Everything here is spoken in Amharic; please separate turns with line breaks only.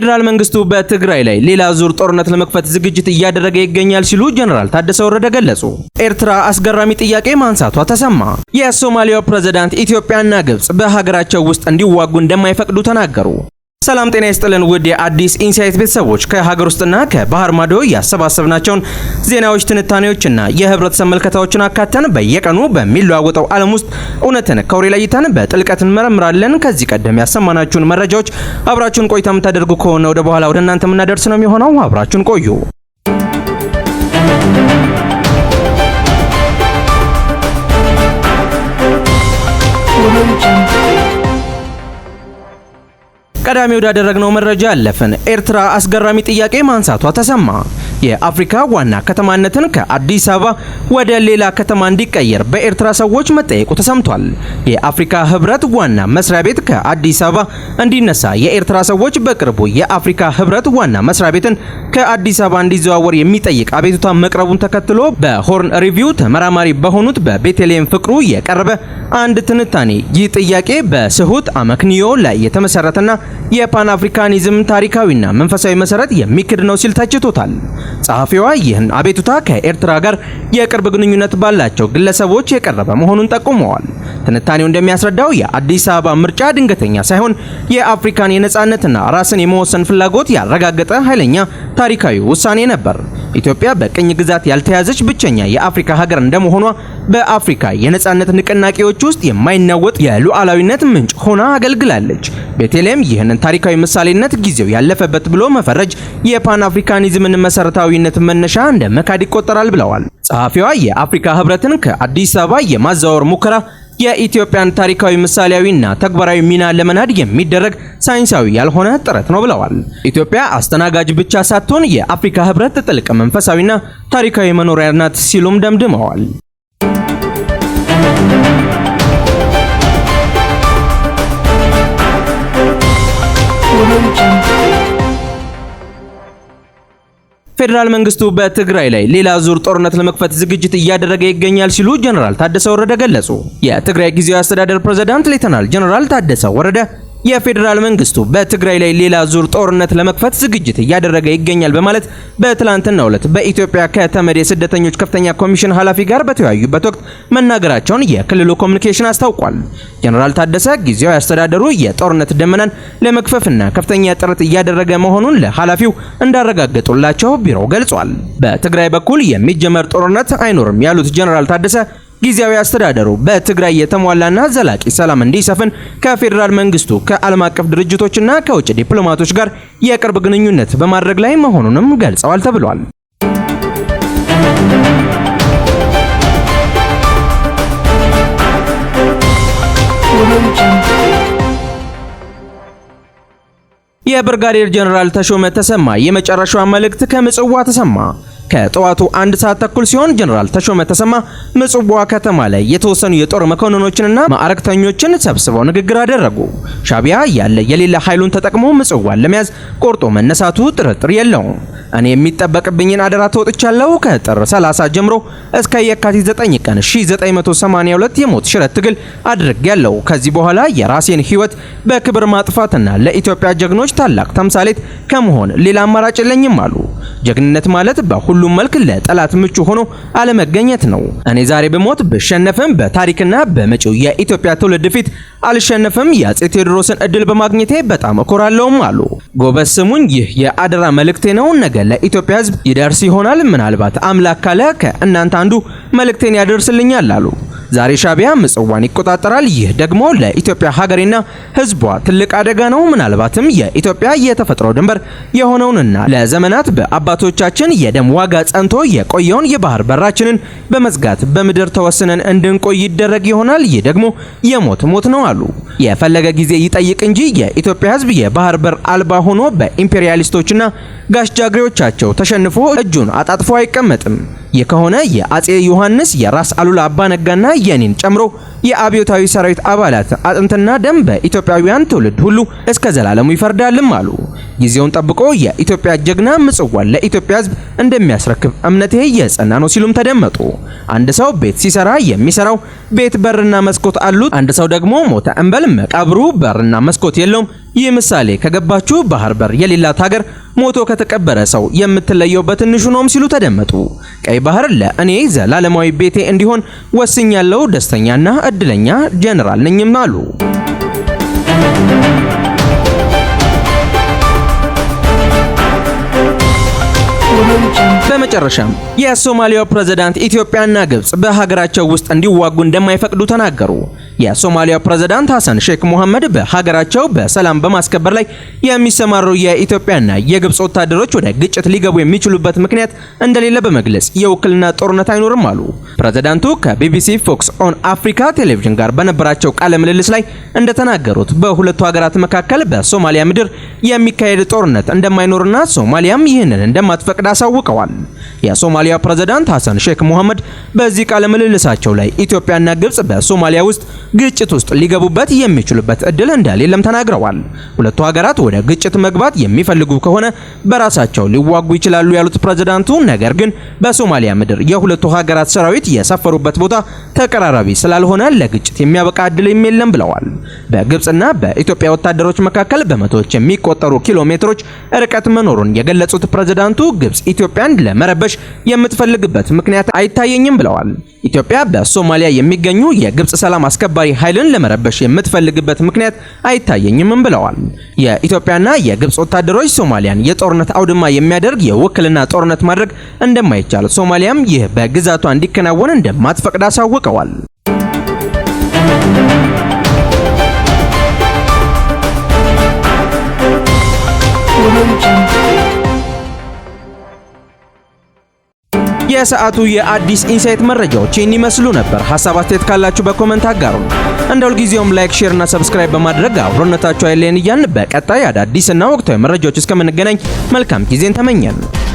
ፌዴራል መንግስቱ በትግራይ ላይ ሌላ ዙር ጦርነት ለመክፈት ዝግጅት እያደረገ ይገኛል ሲሉ ጀነራል ታደሰ ወረደ ገለጹ። ኤርትራ አስገራሚ ጥያቄ ማንሳቷ ተሰማ። የሶማሊያው ፕሬዝዳንት ኢትዮጵያና ግብጽ በሀገራቸው ውስጥ እንዲዋጉ እንደማይፈቅዱ ተናገሩ። ሰላም ጤና ይስጥልን ውድ የአዲስ ኢንሳይት ቤተሰቦች፣ ከሀገር ውስጥና ከባህር ማዶ ያሰባሰብናቸውን ዜናዎች፣ ትንታኔዎችና የህብረተሰብ መልከታዎችን አካተን በየቀኑ በሚለዋወጠው ዓለም ውስጥ እውነትን ከውሬ ለይተን በጥልቀት እንመረምራለን። ከዚህ ቀደም ያሰማናችሁን መረጃዎች አብራችሁን ቆይታ የምታደርጉ ከሆነ ወደ በኋላ ወደ እናንተ የምናደርስ ነው የሚሆነው። አብራችሁን ቆዩ። ቀዳሚ ወዳደረግነው መረጃ ያለፍን። ኤርትራ አስገራሚ ጥያቄ ማንሳቷ ተሰማ። የአፍሪካ ዋና ከተማነትን ከአዲስ አበባ ወደ ሌላ ከተማ እንዲቀየር በኤርትራ ሰዎች መጠየቁ ተሰምቷል። የአፍሪካ ህብረት ዋና መስሪያ ቤት ከአዲስ አበባ እንዲነሳ የኤርትራ ሰዎች በቅርቡ የአፍሪካ ህብረት ዋና መስሪያ ቤትን ከአዲስ አበባ እንዲዘዋወር የሚጠይቅ አቤቱታ መቅረቡን ተከትሎ በሆርን ሪቪው ተመራማሪ በሆኑት በቤተልሔም ፍቅሩ የቀረበ አንድ ትንታኔ ይህ ጥያቄ በስሁት አመክንዮ ላይ የተመሰረተና የፓን አፍሪካኒዝም ታሪካዊና መንፈሳዊ መሰረት የሚክድ ነው ሲል ተችቶታል። ጸሐፊዋ ይህን አቤቱታ ከኤርትራ ጋር የቅርብ ግንኙነት ባላቸው ግለሰቦች የቀረበ መሆኑን ጠቁመዋል። ትንታኔው እንደሚያስረዳው የአዲስ አበባ ምርጫ ድንገተኛ ሳይሆን የአፍሪካን የነጻነትና ራስን የመወሰን ፍላጎት ያረጋገጠ ኃይለኛ ታሪካዊ ውሳኔ ነበር። ኢትዮጵያ በቅኝ ግዛት ያልተያዘች ብቸኛ የአፍሪካ ሀገር እንደመሆኗ በአፍሪካ የነጻነት ንቅናቄዎች ውስጥ የማይናወጥ የሉዓላዊነት ምንጭ ሆና አገልግላለች። ቤተልሔም ይህንን ታሪካዊ ምሳሌነት ጊዜው ያለፈበት ብሎ መፈረጅ የፓን አፍሪካኒዝምን መሰረታ ፍትሐዊነት መነሻ እንደ መካድ ይቆጠራል ብለዋል። ጸሐፊዋ የአፍሪካ ህብረትን ከአዲስ አበባ የማዛወር ሙከራ የኢትዮጵያን ታሪካዊ ምሳሌያዊና ተግባራዊ ሚና ለመናድ የሚደረግ ሳይንሳዊ ያልሆነ ጥረት ነው ብለዋል። ኢትዮጵያ አስተናጋጅ ብቻ ሳትሆን የአፍሪካ ህብረት ጥልቅ መንፈሳዊና ታሪካዊ መኖሪያ ናት ሲሉም ደምድመዋል። ፌዴራል መንግስቱ በትግራይ ላይ ሌላ ዙር ጦርነት ለመክፈት ዝግጅት እያደረገ ይገኛል ሲሉ ጀነራል ታደሰ ወረደ ገለጹ። የትግራይ ጊዜያዊ አስተዳደር ፕሬዝዳንት ሌተናል ጀነራል ታደሰ ወረደ የፌዴራል መንግስቱ በትግራይ ላይ ሌላ ዙር ጦርነት ለመክፈት ዝግጅት እያደረገ ይገኛል በማለት በትላንትናው ዕለት በኢትዮጵያ ከተመድ የስደተኞች ከፍተኛ ኮሚሽን ኃላፊ ጋር በተወያዩበት ወቅት መናገራቸውን የክልሉ ኮሚኒኬሽን አስታውቋል። ጀነራል ታደሰ ጊዜያዊ አስተዳደሩ የጦርነት ደመናን ለመክፈፍና ከፍተኛ ጥረት እያደረገ መሆኑን ለኃላፊው እንዳረጋገጡላቸው ቢሮው ገልጿል። በትግራይ በኩል የሚጀመር ጦርነት አይኖርም ያሉት ጀነራል ታደሰ ጊዜያዊ አስተዳደሩ በትግራይ የተሟላና ዘላቂ ሰላም እንዲሰፍን ከፌዴራል መንግስቱ ከዓለም አቀፍ ድርጅቶችና ከውጭ ዲፕሎማቶች ጋር የቅርብ ግንኙነት በማድረግ ላይ መሆኑንም ገልጸዋል ተብሏል። የብርጋዴር ጀነራል ተሾመ ተሰማ የመጨረሻው መልእክት ከምጽዋ ተሰማ ከጠዋቱ አንድ ሰዓት ተኩል ሲሆን ጀነራል ተሾመ ተሰማ ምጽዋ ከተማ ላይ የተወሰኑ የጦር መኮንኖችንና ማዕረግተኞችን ሰብስበው ንግግር አደረጉ። ሻቢያ ያለ የሌለ ኃይሉን ተጠቅሞ ምጽዋን ለመያዝ ቆርጦ መነሳቱ ጥርጥር የለውም። እኔ የሚጠበቅብኝን አደራ ተወጥቻለሁ። ከጥር 30 ጀምሮ እስከ የካቲት 9 ቀን 1982 የሞት ሽረት ትግል አድርጌያለሁ። ከዚህ በኋላ የራሴን ህይወት በክብር ማጥፋትና ለኢትዮጵያ ጀግኖች ታላቅ ተምሳሌት ከመሆን ሌላ አማራጭ የለኝም አሉ። ጀግንነት ማለት በሁሉም መልክ ለጠላት ምቹ ሆኖ አለመገኘት ነው። እኔ ዛሬ ብሞት ብሸነፍም በታሪክና በመጪው የኢትዮጵያ ትውልድ ፊት አልሸነፍም። የአፄ ቴዎድሮስን እድል በማግኘቴ በጣም እኮራለሁም አሉ። ጎበዝ ስሙኝ፣ ይህ የአደራ መልእክቴ ነው። ነገ ለኢትዮጵያ ሕዝብ ይደርስ ይሆናል። ምናልባት አምላክ ካለ ከእናንተ አንዱ መልእክቴን ያደርስልኛል አሉ። ዛሬ ሻቢያ ምጽዋን ይቆጣጠራል። ይህ ደግሞ ለኢትዮጵያ ሀገሬና ህዝቧ ትልቅ አደጋ ነው። ምናልባትም የኢትዮጵያ የተፈጥሮ ድንበር የሆነውንና ለዘመናት በአባቶቻችን የደም ዋጋ ጸንቶ የቆየውን የባህር በራችንን በመዝጋት በምድር ተወስነን እንድንቆይ ይደረግ ይሆናል። ይህ ደግሞ የሞት ሞት ነው አሉ። የፈለገ ጊዜ ይጠይቅ እንጂ የኢትዮጵያ ህዝብ የባህር በር አልባ ሆኖ በኢምፔሪያሊስቶችና ጋሽ ጃግሬዎቻቸው ተሸንፎ እጁን አጣጥፎ አይቀመጥም። ከሆነ የአጼ ዮሐንስ የራስ አሉላ አባ ነጋና የኔን ጨምሮ የአብዮታዊ ሰራዊት አባላት አጥንትና ደም በኢትዮጵያውያን ትውልድ ሁሉ እስከ ዘላለሙ ይፈርዳልም አሉ። ጊዜውን ጠብቆ የኢትዮጵያ ጀግና ምጽዋን ለኢትዮጵያ ሕዝብ እንደሚያስረክብ እምነቴ የጸና ነው ሲሉም ተደመጡ። አንድ ሰው ቤት ሲሰራ የሚሰራው ቤት በርና መስኮት አሉት፣ አንድ ሰው ደግሞ ሞተ እንበል መቃብሩ በርና መስኮት የለውም ይህ ምሳሌ ከገባችሁ ባህር በር የሌላት ሀገር ሞቶ ከተቀበረ ሰው የምትለየው በትንሹ ነውም ሲሉ ተደመጡ። ቀይ ባህር ለእኔ ዘላለማዊ ቤቴ እንዲሆን ወስኛለው፣ ደስተኛና እድለኛ ጀነራል ነኝም አሉ። በመጨረሻም የሶማሊያው ፕሬዝዳንት ኢትዮጵያና ግብጽ በሀገራቸው ውስጥ እንዲዋጉ እንደማይፈቅዱ ተናገሩ። የሶማሊያ ፕሬዝዳንት ሐሰን ሼክ መሐመድ በሀገራቸው በሰላም በማስከበር ላይ የሚሰማሩ የኢትዮጵያና የግብጽ ወታደሮች ወደ ግጭት ሊገቡ የሚችሉበት ምክንያት እንደሌለ በመግለጽ የውክልና ጦርነት አይኖርም አሉ። ፕሬዝዳንቱ ከቢቢሲ ፎክስ ኦን አፍሪካ ቴሌቪዥን ጋር በነበራቸው ቃለ ምልልስ ላይ እንደተናገሩት በሁለቱ ሀገራት መካከል በሶማሊያ ምድር የሚካሄድ ጦርነት እንደማይኖርና ሶማሊያም ይህንን እንደማትፈቅድ አሳውቀዋል። የሶማሊያ ፕሬዝዳንት ሐሰን ሼክ መሐመድ በዚህ ቃለ ምልልሳቸው ላይ ኢትዮጵያና ግብጽ በሶማሊያ ውስጥ ግጭት ውስጥ ሊገቡበት የሚችሉበት እድል እንደሌለም ተናግረዋል። ሁለቱ ሀገራት ወደ ግጭት መግባት የሚፈልጉ ከሆነ በራሳቸው ሊዋጉ ይችላሉ ያሉት ፕሬዝዳንቱ፣ ነገር ግን በሶማሊያ ምድር የሁለቱ ሀገራት ሰራዊት የሰፈሩበት ቦታ ተቀራራቢ ስላልሆነ ለግጭት የሚያበቃ እድል የለም ብለዋል። በግብጽና በኢትዮጵያ ወታደሮች መካከል በመቶዎች የሚቆጠሩ ኪሎ ሜትሮች ርቀት መኖሩን የገለጹት ፕሬዝዳንቱ ግብፅ ኢትዮጵያን ለመረበሽ የምትፈልግበት ምክንያት አይታየኝም ብለዋል። ኢትዮጵያ በሶማሊያ የሚገኙ የግብጽ ሰላም አስከባሪ ኃይልን ለመረበሽ የምትፈልግበት ምክንያት አይታየኝም ብለዋል። የኢትዮጵያና የግብጽ ወታደሮች ሶማሊያን የጦርነት አውድማ የሚያደርግ የውክልና ጦርነት ማድረግ እንደማይቻል፣ ሶማሊያም ይህ በግዛቷ እንዲከናወን እንደማትፈቅድ አሳውቀዋል።
የሰዓቱ የአዲስ ኢንሳይት መረጃዎች ይህን ይመስሉ ነበር። ሀሳብ አስተያየት ካላችሁ በኮመንት አጋሩ። እንደ ሁልጊዜውም ላይክ፣ ሼር እና ሰብስክራይብ በማድረግ አብሮነታችሁ አይለየን እያልን በቀጣይ አዳዲስ እና ወቅታዊ መረጃዎች እስከምንገናኝ መልካም ጊዜን ተመኘን።